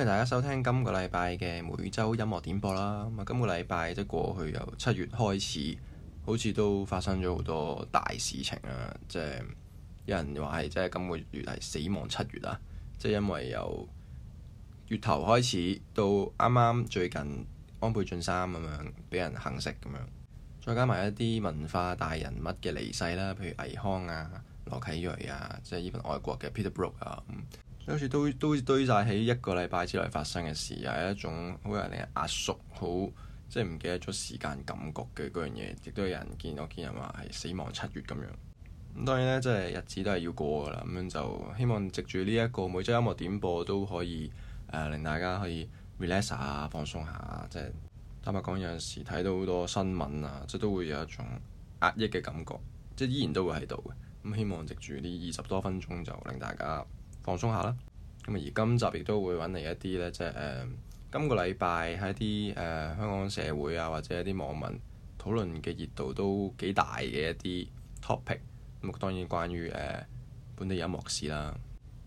歡迎大家收聽今個禮拜嘅每周音樂點播啦。咁啊，今個禮拜即係過去由七月開始，好似都發生咗好多大事情啊！即係有人話係，即係今個月係死亡七月啊！即係因為由月頭開始到啱啱最近安倍晉三咁樣俾人行刺咁樣，再加埋一啲文化大人物嘅離世啦，譬如倪匡啊、羅啟銳啊，即係呢份外國嘅 Peter Brook 啊。好似都都堆晒喺一個禮拜之內發生嘅事，又係一種好係令人壓縮，好即係唔記得咗時間感覺嘅嗰樣嘢。亦都有人見到，見人話係死亡七月咁樣。咁當然咧，即係日子都係要過噶啦。咁樣就希望藉住呢一個每週音樂點播都可以誒、呃，令大家可以 relax 啊，放鬆下。即係坦白講，有陣時睇到好多新聞啊，即都會有一種壓抑嘅感覺。即係依然都會喺度嘅。咁希望藉住呢二十多分鐘，就令大家，放鬆下啦，咁而今集亦都會揾嚟一啲呢，即係呃、今個禮拜喺啲誒香港社會啊，或者一啲網民討論嘅熱度都幾大嘅一啲 topic，咁當然關於、呃、本地音樂事啦，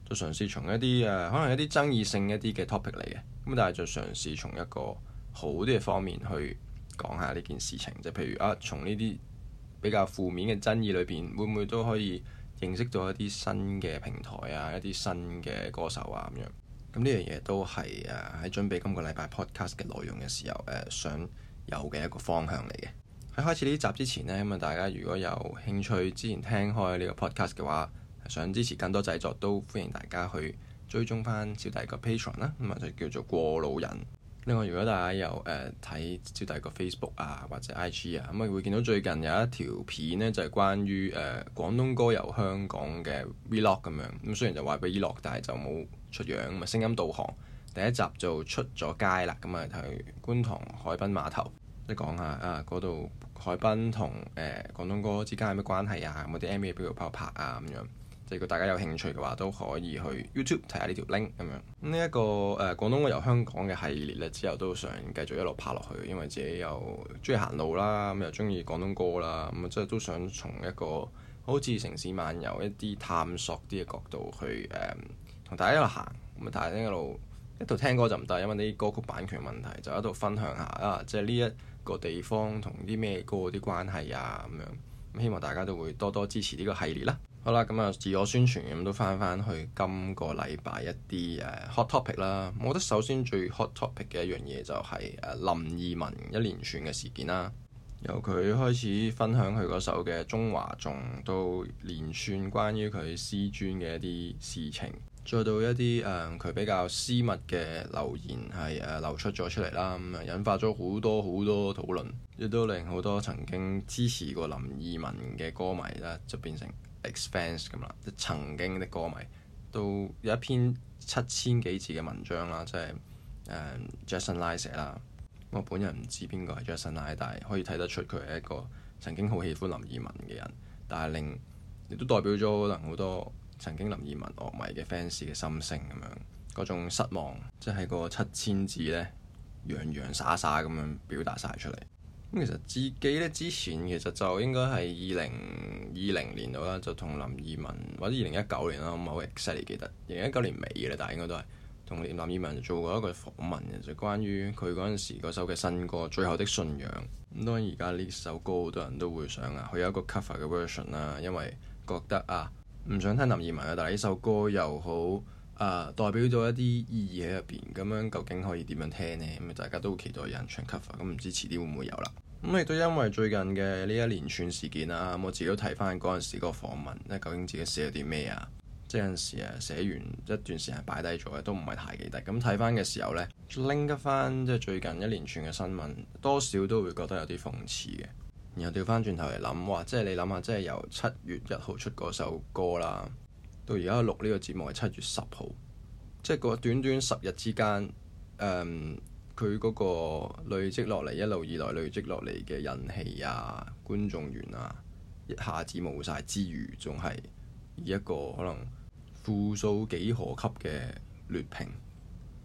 就嘗試從一啲誒、呃、可能一啲爭議性一啲嘅 topic 嚟嘅，咁但係就嘗試從一個好啲嘅方面去講下呢件事情，即係譬如啊，從呢啲比較負面嘅爭議裏邊，會唔會都可以認識到一啲新嘅平台啊，一啲新嘅歌手啊，咁樣咁呢樣嘢都係誒喺準備今個禮拜 podcast 嘅內容嘅時候誒、呃、想有嘅一個方向嚟嘅。喺開始呢集之前呢，咁啊大家如果有興趣之前聽開呢個 podcast 嘅話，想支持更多製作都歡迎大家去追蹤翻小弟個 Patreon 啦、啊，咁啊就叫做過路人。另外，如果大家有誒睇、呃、招大個 Facebook 啊，或者 IG 啊，咁啊會見到最近有一條片咧，就係、是、關於誒、呃、廣東歌遊香港嘅 Vlog 咁樣。咁雖然就話俾 Vlog，但係就冇出樣咁啊。聲音導航第一集就出咗街啦，咁啊去觀塘海濱碼頭，即係講下啊嗰度海濱同誒、呃、廣東歌之間有咩關係啊？有冇啲 MV 邊度拍啊？咁樣。如果大家有興趣嘅話，都可以去 YouTube 睇下呢條 link 咁樣。呢、嗯、一、這個誒、呃、廣東歌遊香港嘅系列咧，之後都想繼續一路拍落去，因為自己又中意行路啦，咁又中意廣東歌啦，咁即係都想從一個好似城市漫遊、一啲探索啲嘅角度去誒同、嗯、大家一路行，咁啊，但係一路一路聽歌就唔得，因為啲歌曲版權問題，就一路分享下啊，即係呢一個地方同啲咩歌啲關係啊咁樣。咁、嗯、希望大家都會多多支持呢個系列啦。好啦，咁啊，自我宣傳咁都翻翻去今個禮拜一啲誒、uh, hot topic 啦。我覺得首先最 hot topic 嘅一樣嘢就係、是、誒、uh, 林二汶一連串嘅事件啦。由佢開始分享佢嗰首嘅《中華頌》仲到連串關於佢師尊嘅一啲事情，再到一啲誒佢比較私密嘅留言係誒、uh, 流出咗出嚟啦，咁、嗯、啊引發咗好多好多討論，亦都令好多曾經支持過林二汶嘅歌迷咧就變成 Expense 咁啦，曾經的歌迷都有一篇七千幾字嘅文章啦，即係誒、um, Jason l 拉寫啦。我本人唔知邊個係 Jason l 拉，但係可以睇得出佢係一個曾經好喜歡林二汶嘅人，但係令亦都代表咗可能好多曾經林二汶樂迷嘅 fans 嘅心聲咁樣，嗰種失望即係個七千字呢，洋洋灑灑咁樣表達晒出嚟。咁其實自己咧，之前其實就應該係二零二零年度啦，就同林二汶或者二零一九年啦，我唔係好 exactly 記得，二零一九年尾嘅啦，但係應該都係同林二汶做過一個訪問嘅，就關於佢嗰陣時嗰首嘅新歌《最後的信仰》。咁當然而家呢首歌好多人都會想啊，佢有一個 cover 嘅 version 啦，因為覺得啊，唔想聽林二汶啊，但係呢首歌又好。啊，代表到一啲意義喺入邊，咁樣究竟可以點樣聽呢？咁大家都期待人唱 cover，咁唔知遲啲會唔會有啦。咁亦都因為最近嘅呢一連串事件啦，我自己都睇翻嗰陣時嗰個訪問，即係究竟自己寫咗啲咩啊？即係有陣時誒寫完一段時間擺低咗嘅，都唔係太記得。咁睇翻嘅時候呢，拎一翻即係最近一連串嘅新聞，多少都會覺得有啲諷刺嘅。然後調翻轉頭嚟諗，哇！即係你諗下，即係由七月一號出嗰首歌啦。到而家錄呢個節目係七月十號，即係短短十日之間，誒、嗯，佢嗰個累積落嚟一路以來累積落嚟嘅人氣啊、觀眾緣啊，一下子冇晒之餘，仲係以一個可能負數幾何級嘅劣評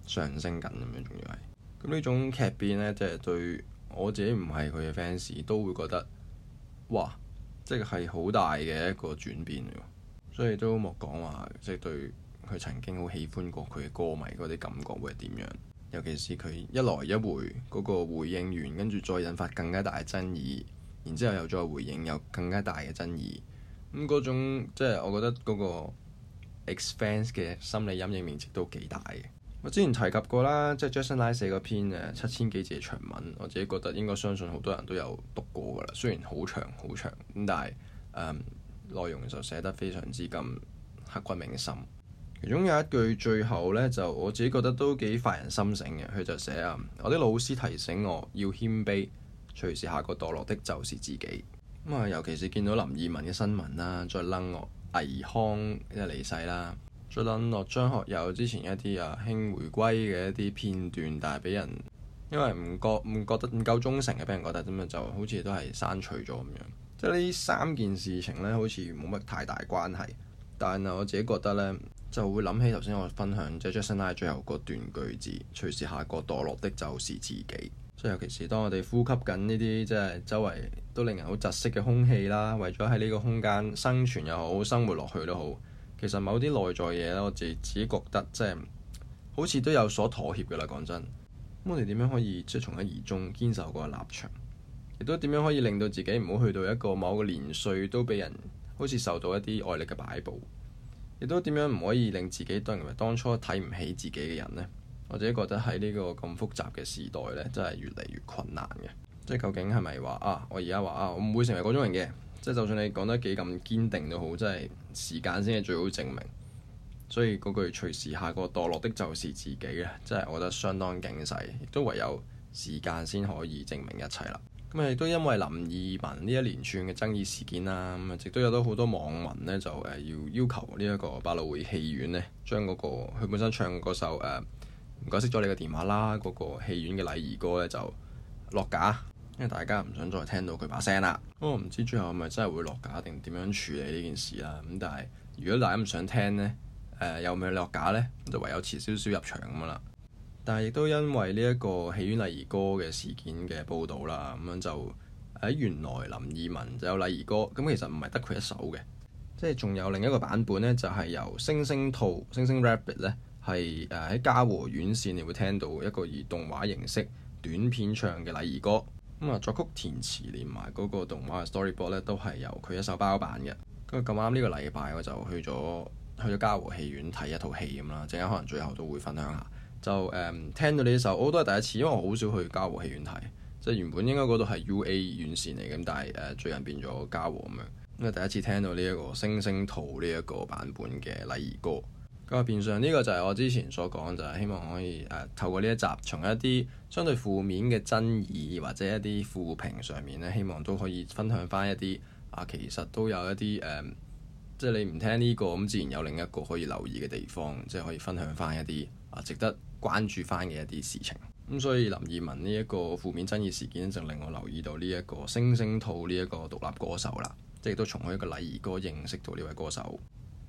上升緊咁樣，仲要係咁呢種劇變呢，即係對我自己唔係佢嘅 fans 都會覺得，哇！即係係好大嘅一個轉變喎。所以都莫講話，即係對佢曾經好喜歡過佢嘅歌迷嗰啲感覺會係點樣？尤其是佢一來一回嗰個回應完，跟住再引發更加大嘅爭議，然之後又再回應，有更加大嘅爭議。咁嗰種即係我覺得嗰個 ex fans 嘅心理陰影面積都幾大嘅。我之前提及過啦，即係 Justin Lyte 嗰篇誒七千幾字嘅長文，我自己覺得應該相信好多人都有讀過㗎啦。雖然好長好長咁，但係誒。嗯內容就寫得非常之咁刻骨銘心。其中有一句最後呢，就我自己覺得都幾發人心省嘅。佢就寫啊，我啲老師提醒我要謙卑，隨時下個墮落的就是自己。咁、嗯、啊，尤其是見到林二汶嘅新聞啦，再楞落倪匡即係離世啦，再楞落張學友之前一啲啊慶回歸嘅一啲片段，但係俾人因為唔覺唔覺得唔夠忠誠嘅，俾人覺得咁樣，就好似都係刪除咗咁樣。即係呢三件事情呢，好似冇乜太大關係。但係我自己覺得呢，就會諗起頭先我分享即係 Jason 最後嗰段句子：隨時下個墮落的就是自己。所以尤其是當我哋呼吸緊呢啲即係周圍都令人好窒息嘅空氣啦，為咗喺呢個空間生存又好，生活落去都好，其實某啲內在嘢呢，我自自己覺得即係好似都有所妥協㗎喇。講真，咁我哋點樣可以即係從一而終堅守個立場？亦都點樣可以令到自己唔好去到一個某個年歲都俾人好似受到一啲外力嘅擺布？亦都點樣唔可以令自己當人當初睇唔起自己嘅人呢？我自己覺得喺呢個咁複雜嘅時代呢，真係越嚟越困難嘅。即係究竟係咪話啊？我而家話啊，我唔會成為嗰種人嘅。即係就算你講得幾咁堅定都好，真係時間先係最好證明。所以嗰句隨時下個墮落的，就是自己咧，真係我覺得相當警世。亦都唯有時間先可以證明一切啦。咁亦都因為林二汶呢一連串嘅爭議事件啦，咁啊，亦都有好多網民咧就誒要要求呢一個百老匯戲院咧，將嗰、那個佢本身唱嗰首誒唔該熄咗你嘅電話啦，嗰、那個戲院嘅禮儀歌咧就落架，因為大家唔想再聽到佢把聲啦。咁我唔知最後係咪真係會落架定點樣處理呢件事啦。咁但係如果大家唔想聽咧，誒、呃、有冇落架咧，就唯有遲少少入場咁樣啦。但係，亦都因為呢一個戲院禮儀歌嘅事件嘅報導啦，咁樣就喺原來林二汶就有禮儀歌咁，其實唔係得佢一首嘅，即係仲有另一個版本呢，就係、是、由星星兔星星 rabbit 呢，係誒喺嘉禾院線，你會聽到一個以動畫形式短片唱嘅禮儀歌咁啊。作曲填詞連埋嗰個動畫嘅 storyboard 咧，都係由佢一手包辦嘅。咁住咁啱呢個禮拜，我就去咗去咗嘉禾戲院睇一套戲咁啦。陣間可能最後都會分享下。就誒、嗯、聽到呢首我、哦、都係第一次，因為我好少去嘉禾戲院睇，即係原本應該嗰度係 U A 院線嚟嘅，但係誒、呃、最近變咗嘉禾咁樣，咁啊第一次聽到呢一個星星兔呢一個版本嘅禮儀歌。咁啊變相呢個就係我之前所講，就係、是、希望可以誒、呃、透過呢一集，從一啲相對負面嘅爭議或者一啲負評上面咧，希望都可以分享翻一啲啊，其實都有一啲誒、啊，即係你唔聽呢、這個咁，自然有另一個可以留意嘅地方，即係可以分享翻一啲啊，值得。關注翻嘅一啲事情，咁所以林二汶呢一個負面爭議事件就令我留意到呢一個星星兔呢一個獨立歌手啦，即係都從佢一個禮儀歌認識到呢位歌手。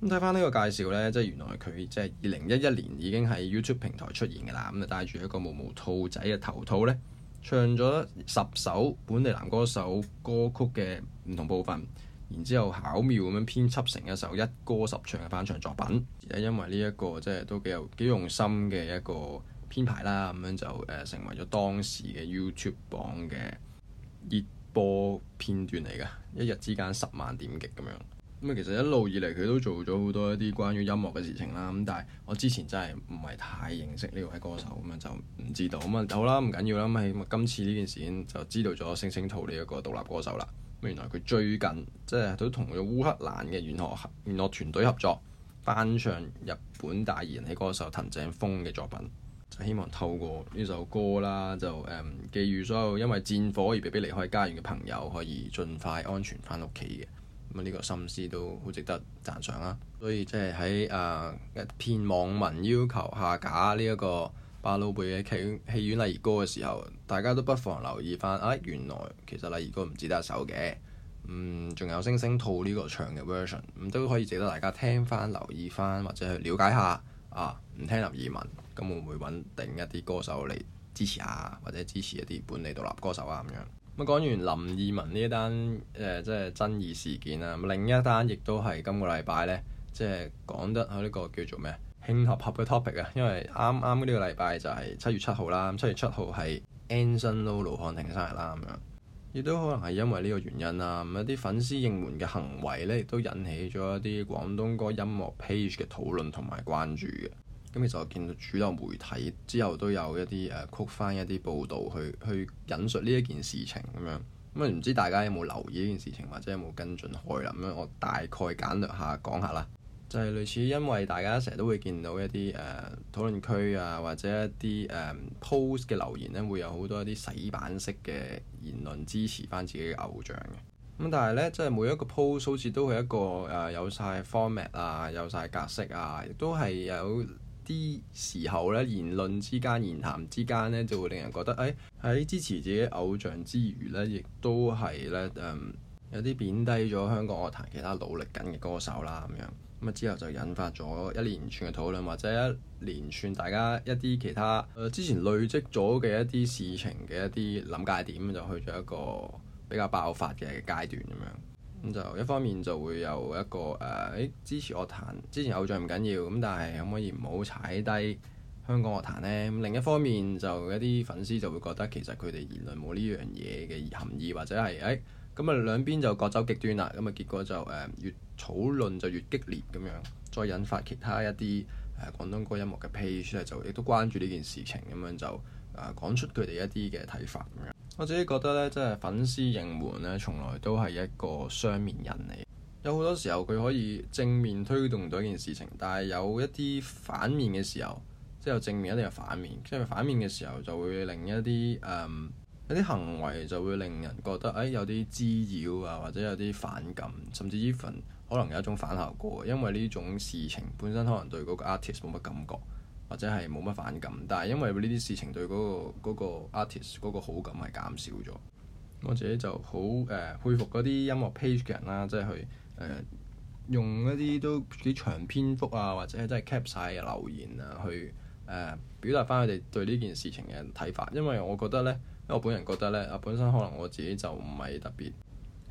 咁睇翻呢個介紹呢，即係原來佢即係二零一一年已經喺 YouTube 平台出現嘅啦，咁就帶住一個毛毛兔仔嘅頭套呢，唱咗十首本地男歌手歌曲嘅唔同部分。然之後巧妙咁樣編輯成一首一歌十唱嘅翻唱作品，而因為呢一個即係都幾有幾用心嘅一個編排啦，咁樣就誒成為咗當時嘅 YouTube 榜嘅熱播片段嚟㗎，一日之間十萬點擊咁樣。咁啊，其實一路以嚟佢都做咗好多一啲關於音樂嘅事情啦。咁但係我之前真係唔係太認識呢位歌手咁啊，樣就唔知道咁啊。好啦，唔緊要啦，咁啊，今次呢件事件就知道咗星星兔呢一個獨立歌手啦。原來佢最近即係都同咗烏克蘭嘅弦樂合弦樂團隊合作，翻唱日本大熱人氣歌手藤井風嘅作品，就希望透過呢首歌啦，就誒、嗯、寄予所有因為戰火而被迫離開家園嘅朋友，可以盡快安全翻屋企嘅。咁、嗯、呢、這個心思都好值得讚賞啦。所以即係喺啊一片網民要求下架呢、這、一個。巴老貝嘅戲戲院禮儀歌嘅時候，大家都不妨留意翻，哎、啊，原來其實禮儀歌唔止得一首嘅，嗯，仲有星星兔呢個唱嘅 version，咁都可以值得大家聽翻、留意翻或者去了解下啊。唔聽林二汶，咁會唔會揾定一啲歌手嚟支持下，或者支持一啲本地獨立歌手啊咁樣。咁、嗯、講完林二汶呢單誒、呃、即係爭議事件啦，另一單亦都係今個禮拜呢，即係講得呢、啊呢個叫做咩？慶合合嘅 topic 啊，因為啱啱呢個禮拜就係七月七號啦，七月七號係 Anson 盧瀚霆嘅生日啦，咁樣亦都可能係因為呢個原因啦，咁一啲粉絲應援嘅行為咧，亦都引起咗一啲廣東歌音樂 page 嘅討論同埋關注嘅。咁其實我見到主流媒體之後都有一啲誒、呃、曲翻一啲報導去去引述呢一件事情咁樣，咁啊唔知大家有冇留意呢件事情或者有冇跟進開啦？咁樣我大概簡略下講下啦。就係類似，因為大家成日都會見到一啲誒、uh, 討論區啊，或者一啲誒、um, post 嘅留言咧，會有好多一啲洗版式嘅言論支持翻自己嘅偶像嘅。咁、嗯、但係咧，即係每一個 post 好似都係一個誒、uh, 有晒 format 啊，有晒格式啊，亦都係有啲時候咧，言論之間、言談之間咧，就會令人覺得誒喺、哎、支持自己偶像之餘咧，亦都係咧誒有啲貶低咗香港樂壇其他努力緊嘅歌手啦咁樣。咁之後就引發咗一連串嘅討論，或者一連串大家一啲其他、呃、之前累積咗嘅一啲事情嘅一啲臨界點，就去咗一個比較爆發嘅階段咁樣。咁就一方面就會有一個誒，誒、呃、支持樂壇，之前偶像唔緊要，咁但係可唔可以唔好踩低香港樂壇呢？咁另一方面就一啲粉絲就會覺得其實佢哋言論冇呢樣嘢嘅含義，或者係誒。欸咁啊，兩邊就各走極端啦，咁啊，結果就誒越討論就越激烈咁樣，再引發其他一啲誒、呃、廣東歌音樂嘅 page 咧就亦都關注呢件事情咁樣，就啊、呃、講出佢哋一啲嘅睇法咁樣。我自己覺得咧，真係粉絲應援咧，從來都係一個雙面人嚟，有好多時候佢可以正面推動到一件事情，但係有一啲反面嘅時候，即係有正面一定有反面，即係反面嘅時候就會令一啲誒。嗯一啲行為就會令人覺得誒有啲滋擾啊，或者有啲反感，甚至 even 可能有一種反效果。因為呢種事情本身可能對嗰個 artist 冇乜感覺，或者係冇乜反感，但係因為呢啲事情對嗰個嗰個 artist 嗰個好感係減少咗。我自己就好誒佩服嗰啲音樂 page 嘅人啦，即係去誒用一啲都幾長篇幅啊，或者即係 cap 晒嘅留言啊，去誒表達翻佢哋對呢件事情嘅睇法，因為我覺得咧。我本人覺得呢，啊，本身可能我自己就唔係特別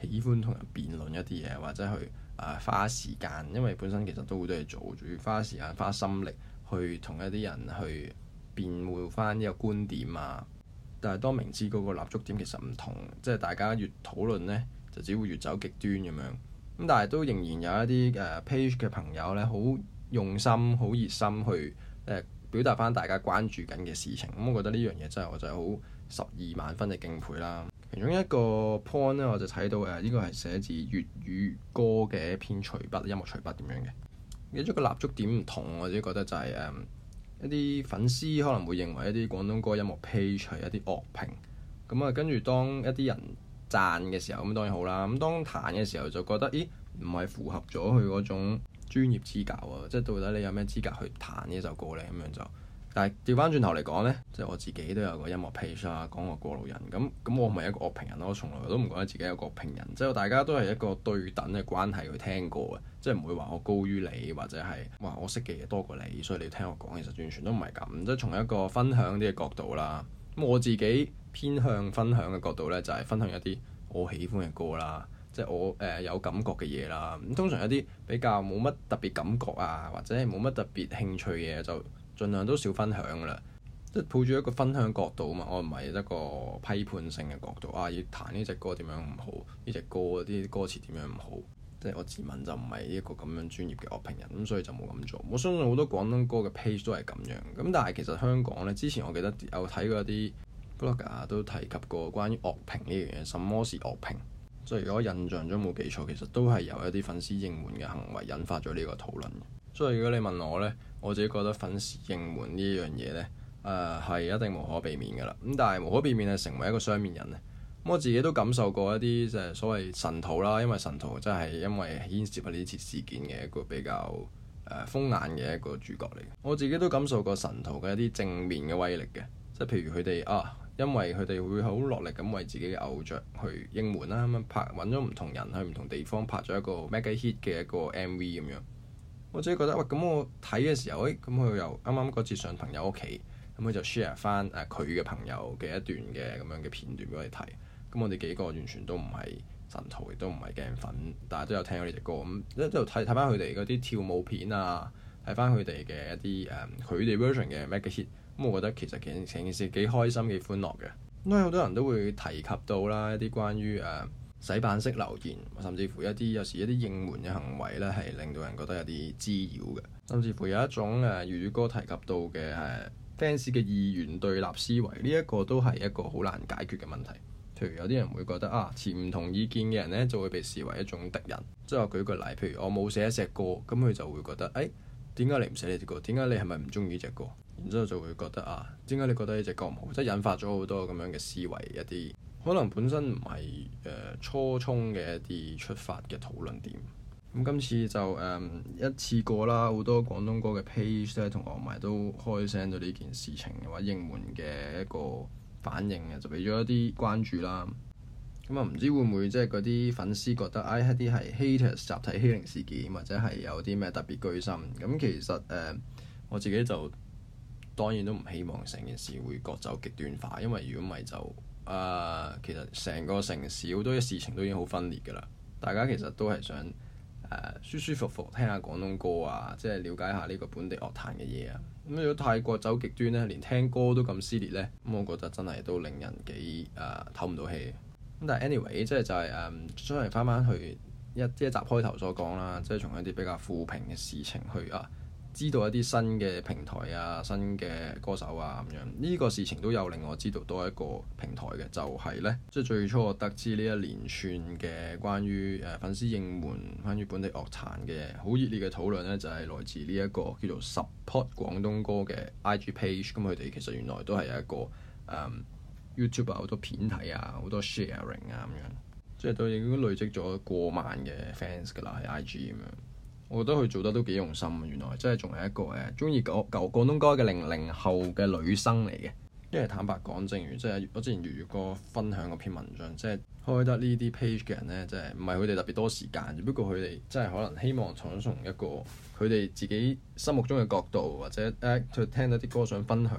喜歡同人辯論一啲嘢，或者去啊、呃、花時間。因為本身其實都好多嘢做，仲要花時間、花心力去同一啲人去辯護翻呢個觀點啊。但係當明知嗰個立足點其實唔同，即係大家越討論呢，就只會越走極端咁樣。咁但係都仍然有一啲誒、呃、page 嘅朋友呢，好用心、好熱心去、呃、表達翻大家關注緊嘅事情。咁、嗯、我覺得呢樣嘢真係我就係好，十二萬分嘅敬佩啦，其中一個 point 咧，我就睇到誒呢、這個係寫字粵語歌嘅一篇隨筆，音樂隨筆點樣嘅？其中個立足點唔同，我自己覺得就係、是、誒、嗯、一啲粉絲可能會認為一啲廣東歌音樂 Page 出一啲樂評，咁、嗯、啊跟住當一啲人讚嘅時候，咁當然好啦。咁當彈嘅時候就覺得，咦唔係符合咗佢嗰種專業資格啊！即係到底你有咩資格去彈呢首歌呢？咁樣就。但係調翻轉頭嚟講呢即係我自己都有個音樂 page 啊，講個過,過路人咁咁，我唔係一個樂評人咯，我從來都唔覺得自己係個樂評人，即係大家都係一個對等嘅關係去聽過嘅，即係唔會話我高於你或者係哇我識嘅嘢多過你，所以你聽我講其實完全都唔係咁，即係從一個分享啲嘅角度啦。咁我自己偏向分享嘅角度呢，就係分享一啲我喜歡嘅歌啦，即係我誒有感覺嘅嘢啦。咁通常有啲比較冇乜特別感覺啊，或者係冇乜特別興趣嘅嘢就。盡量都少分享㗎啦，即係抱住一個分享角度啊嘛，我唔係一個批判性嘅角度啊，要彈呢隻歌點樣唔好，呢隻歌啲歌詞點樣唔好，即係我自問就唔係一個咁樣專業嘅樂評人，咁所以就冇咁做。我相信好多廣東歌嘅 page 都係咁樣，咁但係其實香港呢，之前我記得有睇過一啲 blogger 都提及過關於樂評呢樣嘢，什麼是樂評？所以如果印象中冇記錯，其實都係由一啲粉絲應援嘅行為引發咗呢個討論。所以如果你問我呢，我自己覺得粉絲應援呢樣嘢呢，誒、呃、係一定無可避免嘅啦。咁但係無可避免係成為一個雙面人呢、嗯。我自己都感受過一啲就係所謂神徒啦，因為神徒真係因為牽涉喺呢次事件嘅一個比較誒、呃、風眼嘅一個主角嚟。我自己都感受過神徒嘅一啲正面嘅威力嘅，即係譬如佢哋啊，因為佢哋會好落力咁為自己嘅偶像去應援啦，咁、嗯、拍揾咗唔同人去唔同地方拍咗一個 Mega Hit 嘅一個 M V 咁樣。我自己覺得喂，咁、欸、我睇嘅時候，誒、欸，咁佢又啱啱嗰次上朋友屋企，咁佢就 share 翻誒佢嘅朋友嘅一段嘅咁樣嘅片段俾我哋睇。咁我哋幾個完全都唔係神徒，亦都唔係鏡粉，但係都有聽過呢隻歌。咁一路睇睇翻佢哋嗰啲跳舞片啊，睇翻佢哋嘅一啲誒佢哋 version 嘅 Mega Hit。咁我覺得其實其實成件事幾開心幾歡樂嘅。咁好多人都會提及到啦，一啲關於誒，啊洗版式留言，甚至乎一啲有時一啲應援嘅行為咧，係令到人覺得有啲滋擾嘅。甚至乎有一種誒粵語歌提及到嘅誒 fans 嘅二元對立思維，呢一個都係一個好難解決嘅問題。譬如有啲人會覺得啊，持唔同意見嘅人咧，就會被視為一種敵人。即係我舉個例，譬如我冇寫一隻歌，咁佢就會覺得，誒點解你唔寫呢隻歌？點解你係咪唔中意呢隻歌？然之後就會覺得啊，點解你覺得呢隻歌唔好？即係引發咗好多咁樣嘅思維一啲。可能本身唔係誒初衷嘅一啲出發嘅討論點。咁今次就誒、呃、一次過啦，好多廣東歌嘅 page 咧同我埋都開聲對呢件事情或者應門嘅一個反應嘅，就俾咗一啲關注啦。咁啊，唔知會唔會即係嗰啲粉絲覺得 I 哎，一啲係 haters 集體欺凌事件，或者係有啲咩特別居心？咁其實誒、呃、我自己就當然都唔希望成件事會各走極端化，因為如果唔係就。誒、呃，其實成個城市好多嘅事情都已經好分裂㗎啦。大家其實都係想、呃、舒舒服服聽下廣東歌啊，即、就、係、是、了解下呢個本地樂壇嘅嘢啊。咁、嗯、如果太國太過走極端咧，連聽歌都咁撕裂呢，咁、嗯、我覺得真係都令人幾誒唞唔到氣、啊。咁但係 anyway，即係就係誒、就是，將嚟翻翻去一一集開頭所講啦，即、就、係、是、從一啲比較負評嘅事情去啊。知道一啲新嘅平台啊、新嘅歌手啊咁樣呢個事情都有令我知道多一個平台嘅，就係、是、咧，即、就、係、是、最初我得知呢一連串嘅關於誒、呃、粉絲應援關於本地樂壇嘅好熱烈嘅討論咧，就係、是、來自呢、這、一個叫做 support 廣東歌嘅 IG page，咁佢哋其實原來都係一個誒、嗯、YouTube 好、啊、多片睇啊、好多 sharing 啊咁樣，即、就、係、是、都已經累積咗過萬嘅 fans 㗎啦喺 IG 咁樣。我覺得佢做得都幾用心啊！原來真係仲係一個誒中意嗰舊廣東歌嘅零零後嘅女生嚟嘅。因為、yeah, 坦白講，正如即係我之前粵語歌分享嗰篇文章，即係開得呢啲 page 嘅人呢，即係唔係佢哋特別多時間，只不過佢哋真係可能希望從從一個佢哋自己心目中嘅角度，或者誒去聽到啲歌想分享，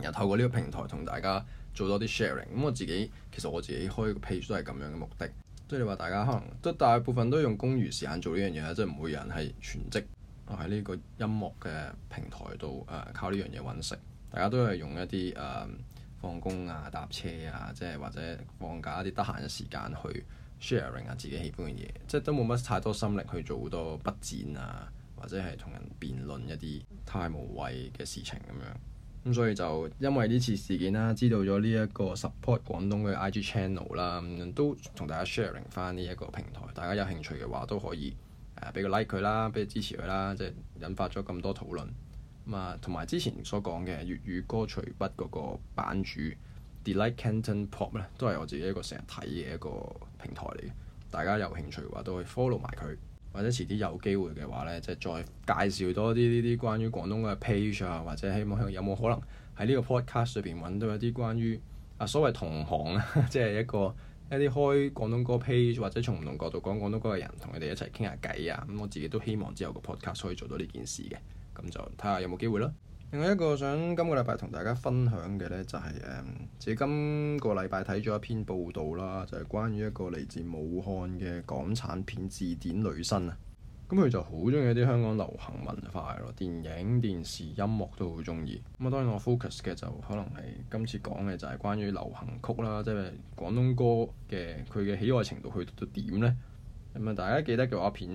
然後透過呢個平台同大家做多啲 sharing。咁我自己其實我自己開個 page 都係咁樣嘅目的。即係你話大家可能都大部分都用公餘時間做呢樣嘢，即係唔會有人係全職，我喺呢個音樂嘅平台度誒、呃，靠呢樣嘢揾食。大家都係用一啲誒、呃、放工啊、搭車啊，即係或者放假一啲得閒嘅時間去 sharing 下自己喜歡嘅嘢。即、就、係、是、都冇乜太多心力去做好多筆戰啊，或者係同人辯論一啲太無謂嘅事情咁樣。咁、嗯、所以就因為呢次事件啦、啊，知道咗呢一個 support 廣東嘅 IG channel 啦，嗯、都同大家 sharing 翻呢一個平台。大家有興趣嘅話都可以誒、啊、俾個 like 佢啦，俾支持佢啦，即、就、係、是、引發咗咁多討論，咁、嗯、啊，同埋之前所講嘅粵語歌隨筆嗰個版主 Delight Canton Pop 咧，都係我自己一個成日睇嘅一個平台嚟嘅。大家有興趣嘅話都可以 follow 埋佢。或者遲啲有機會嘅話呢，即係再介紹多啲呢啲關於廣東歌嘅 page 啊，或者希望有冇可能喺呢個 podcast 裏邊揾到一啲關於啊所謂同行啊，即 係一個一啲開廣東歌 page 或者從唔同角度講廣東歌嘅人，同佢哋一齊傾下偈啊。咁、嗯、我自己都希望之後個 podcast 可以做到呢件事嘅，咁就睇下有冇機會咯。另外一個想今個禮拜同大家分享嘅呢，就係，誒，自己今個禮拜睇咗一篇報道啦，就係關於一個嚟自武漢嘅港產片字典女生啊。咁佢就好中意啲香港流行文化咯，電影、電視、音樂都好中意。咁啊，當然我 focus 嘅就可能係今次講嘅就係關於流行曲啦，即係廣東歌嘅佢嘅喜愛程度去到點呢？咁啊，大家記得嘅話片，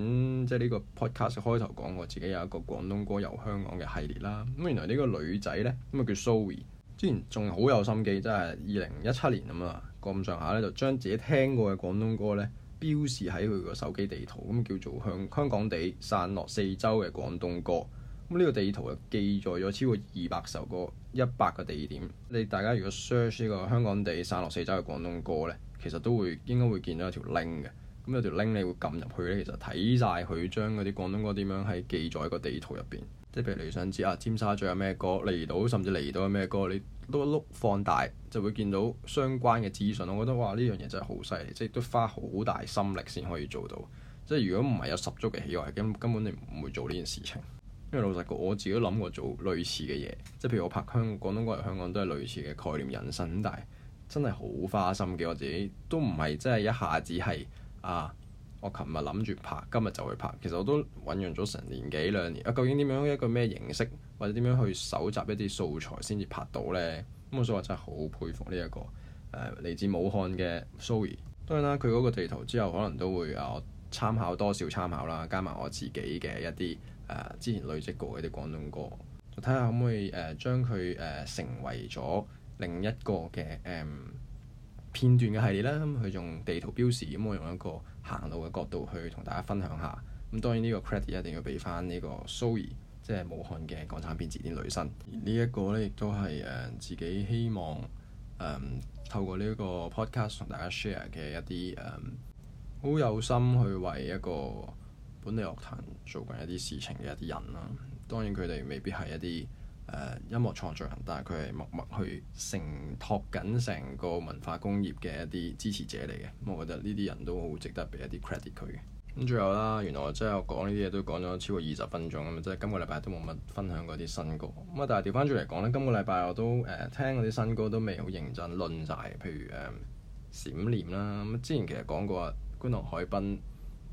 即係呢個 podcast 開頭講過，自己有一個廣東歌遊香港嘅系列啦。咁原來呢個女仔呢，咁啊叫 Sori，之前仲好有心機，即係二零一七年咁啊，咁上下呢，就將自己聽過嘅廣東歌呢，標示喺佢個手機地圖，咁叫做向香港地散落四周嘅廣東歌。咁呢個地圖就記載咗超過二百首歌，一百個地點。你大家如果 search 呢個香港地散落四周嘅廣東歌呢，其實都會應該會見到一條 link 嘅。咁有條 link，你會撳入去咧。其實睇晒佢將嗰啲廣東歌點樣喺記載個地圖入邊，即係譬如你想知啊，尖沙咀有咩歌，離島甚至離島有咩歌，你碌一碌放大就會見到相關嘅資訊。我覺得哇，呢樣嘢真係好犀利，即係都花好大心力先可以做到。即係如果唔係有十足嘅喜愛，根根本你唔會做呢件事情。因為老實講，我自己都諗過做類似嘅嘢，即係譬如我拍香港廣東歌遊香港都係類似嘅概念人生，但係真係好花心嘅。我自己都唔係真係一下子係。啊！我琴日諗住拍，今日就去拍。其實我都醞釀咗成年幾兩年。啊，究竟點樣一個咩形式，或者點樣去搜集一啲素材先至拍到呢？咁、嗯、我所話真係好佩服呢、這、一個嚟、呃、自武漢嘅 Sorry。當然啦，佢嗰個地圖之後可能都會啊參考多少參考啦，加埋我自己嘅一啲、呃、之前累積過嘅啲廣東歌，睇下可唔可以誒、呃、將佢誒、呃、成為咗另一個嘅片段嘅系列啦，咁佢用地圖標示，咁我用一個行路嘅角度去同大家分享下。咁當然呢個 credit 一定要俾翻呢個個蘇兒，即係武漢嘅港產片字典女生。而呢一個咧亦都係誒自己希望誒、嗯、透過呢個 podcast 同大家 share 嘅一啲誒好有心去為一個本地樂壇做緊一啲事情嘅一啲人啦。當然佢哋未必係一啲。Uh, 音樂創作人，但係佢係默默去承托緊成個文化工業嘅一啲支持者嚟嘅、嗯，我覺得呢啲人都好值得俾一啲 credit 佢、嗯。咁最後啦，原來真係我講呢啲嘢都講咗超過二十分鐘，咁即係今個禮拜都冇乜分享嗰啲新歌咁啊、嗯。但係調翻轉嚟講咧，今個禮拜我都誒、呃、聽嗰啲新歌都未好認真論晒。譬如誒、嗯、閃念啦。咁、嗯、之前其實講過觀塘海濱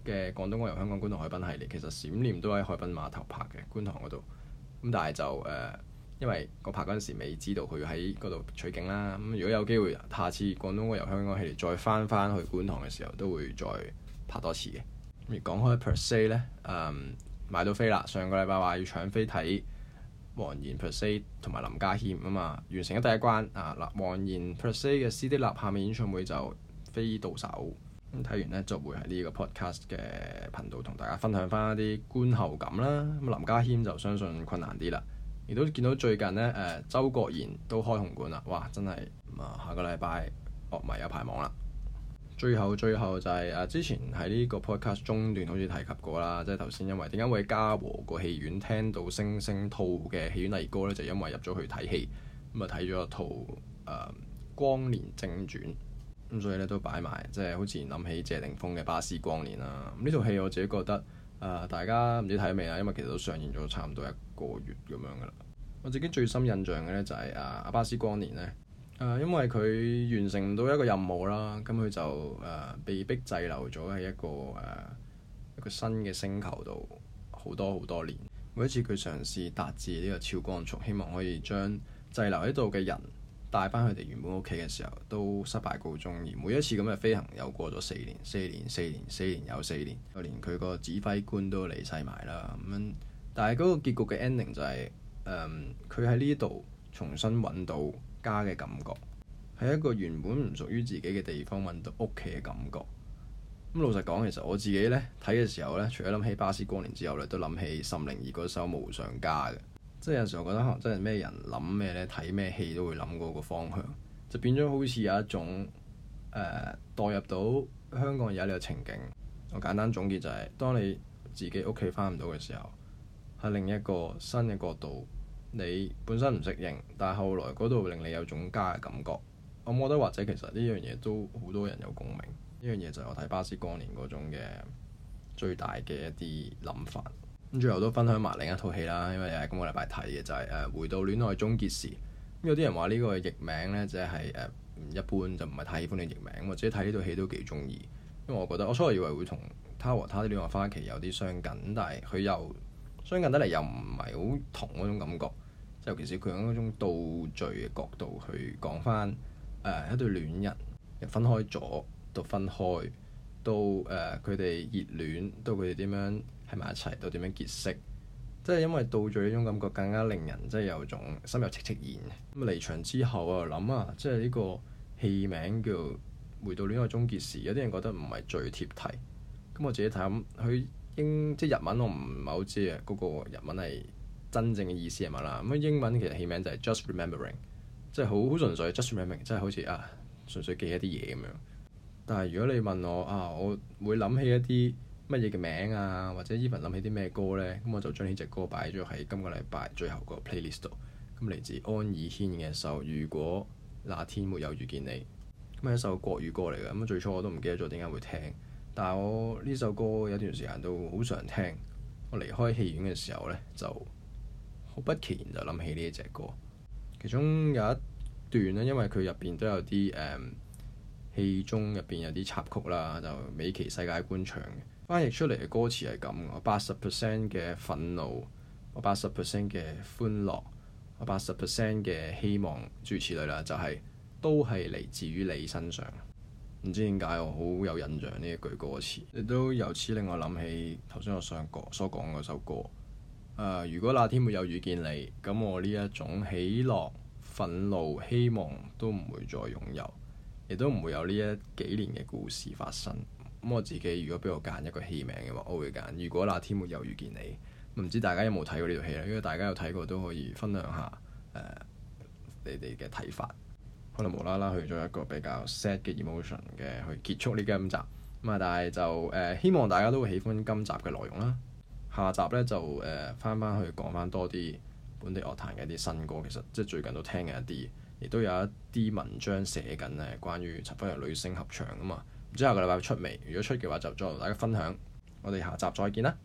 嘅廣東歌由香港觀塘海濱系列，其實閃念都喺海濱碼頭拍嘅觀塘嗰度。咁但係就誒、呃，因為我拍嗰陣時未知道佢喺嗰度取景啦。咁、嗯、如果有機會，下次廣東歌遊香港系列再翻翻去觀塘嘅時候，都會再拍多次嘅。嗯、講開 p e r c y 咧，嗯，買到飛啦。上個禮拜話要搶飛睇黃炎 p e r c y 同埋林家謙啊嘛、嗯，完成咗第一關啊！嗱，黃炎 p e r c y 嘅《C D 立下面演唱會就飛到手。咁睇完咧，就會喺呢個 podcast 嘅頻道同大家分享翻一啲觀後感啦。咁林家謙就相信困難啲啦，亦都見到最近咧，誒、呃、周國賢都開紅館啦，哇！真係啊，下個禮拜樂迷有排望啦。最後最後就係、是、誒、啊，之前喺呢個 podcast 中段好似提及過啦，即係頭先因為點解會喺嘉禾個戲院聽到星星兔嘅戲院禮儀歌咧，就因為入咗去睇戲，咁啊睇咗一套誒、呃《光年正傳》。咁所以咧都擺埋，即係好自然諗起謝霆鋒嘅《巴斯光年》啦。咁呢套戲我自己覺得，誒、呃、大家唔知睇未啊？因為其實都上映咗差唔多一個月咁樣噶啦。我自己最深印象嘅咧就係、是、啊《巴斯光年》呢咧、呃，誒因為佢完成唔到一個任務啦，咁佢就誒、呃、被逼滯留咗喺一個誒、呃、一個新嘅星球度好多好多年。每一次佢嘗試達至呢個超光速，希望可以將滯留喺度嘅人，帶翻佢哋原本屋企嘅時候都失敗告終，而每一次咁嘅飛行又過咗四年、四年、四年、四年又四年，連佢個指揮官都離世埋啦咁樣。但係嗰個結局嘅 ending 就係佢喺呢度重新揾到家嘅感覺，喺一個原本唔屬於自己嘅地方揾到屋企嘅感覺。咁、嗯、老實講，其實我自己呢，睇嘅時候呢，除咗諗起巴斯光年之後咧，都諗起岑寧兒嗰首《無常家》嘅。即係有陣時候我覺得可能真，真係咩人諗咩咧，睇咩戲都會諗嗰個方向，就變咗好似有一種誒、呃、代入到香港人有呢個情景。我簡單總結就係、是，當你自己屋企翻唔到嘅時候，喺另一個新嘅角度，你本身唔適應，但係後來嗰度令你有種家嘅感覺。我覺得或者其實呢樣嘢都好多人有共鳴。呢樣嘢就係我睇《巴斯光年》嗰種嘅最大嘅一啲諗法。咁最後都分享埋另一套戲啦，因為又係今個禮拜睇嘅，就係、是、誒、呃《回到戀愛終結時》。咁有啲人話呢個譯名咧，就係誒唔一般，就唔係太喜歡呢個譯名。或者睇呢套戲都幾中意，因為我覺得我初以為會同《他和她的戀愛花期有啲相近，但係佢又相近得嚟又唔係好同嗰種感覺。尤其是佢用一種倒敍嘅角度去講翻誒、呃、一對戀人，分開咗，到分開，到誒佢哋熱戀，到佢哋點樣。喺埋一齊到點樣結識，即係因為到最呢一種感覺更加令人即係有種心有戚戚然。咁離場之後啊，我諗啊，即係呢個戲名叫《回到戀愛終結時》，有啲人覺得唔係最貼題。咁我自己睇下，佢英即係日文我唔係好知啊，嗰個日文係真正嘅意思係咪啦？咁啊英文其實戲名就係 Just Remembering，即係好好純粹，Just Remembering，即係好似啊，純粹記一啲嘢咁樣。但係如果你問我啊，我會諗起一啲。乜嘢嘅名啊？或者 even 諗起啲咩歌呢？咁我就將呢隻歌擺咗喺今個禮拜最後個 playlist 度。咁嚟自安以軒嘅一首《如果那天沒有遇見你》，咁係一首國語歌嚟嘅。咁最初我都唔記得咗點解會聽，但係我呢首歌有段時間都好常聽。我離開戲院嘅時候呢，就好不期然就諗起呢一隻歌。其中有一段呢，因為佢入邊都有啲誒、um，戲中入邊有啲插曲啦，就美其世界觀唱。翻譯出嚟嘅歌詞係咁，我八十 percent 嘅憤怒，我八十 percent 嘅歡樂，我八十 percent 嘅希望，諸如此類啦，就係、是、都係嚟自於你身上。唔知點解我好有印象呢一句歌詞，亦都由此令我諗起頭先我上講所講嗰首歌。誒、呃，如果那天沒有遇見你，咁我呢一種喜樂、憤怒、希望都唔會再擁有，亦都唔會有呢一幾年嘅故事發生。咁我自己如果俾我揀一個戲名嘅話，我會揀。如果那天沒有遇見你，唔知大家有冇睇過呢套戲咧？因為大家有睇過，都可以分享下誒、呃、你哋嘅睇法。可能無啦啦去咗一個比較 sad 嘅 emotion 嘅去結束呢嘅五集。咁啊，但係就誒希望大家都會喜歡今集嘅內容啦。下集呢，就誒翻翻去講翻多啲本地樂壇嘅一啲新歌，其實即係最近都聽嘅一啲，亦都有一啲文章寫緊誒關於陳輝陽女聲合唱啊嘛。唔知下個禮拜會出未？如果出嘅話，就再同大家分享。我哋下集再見啦！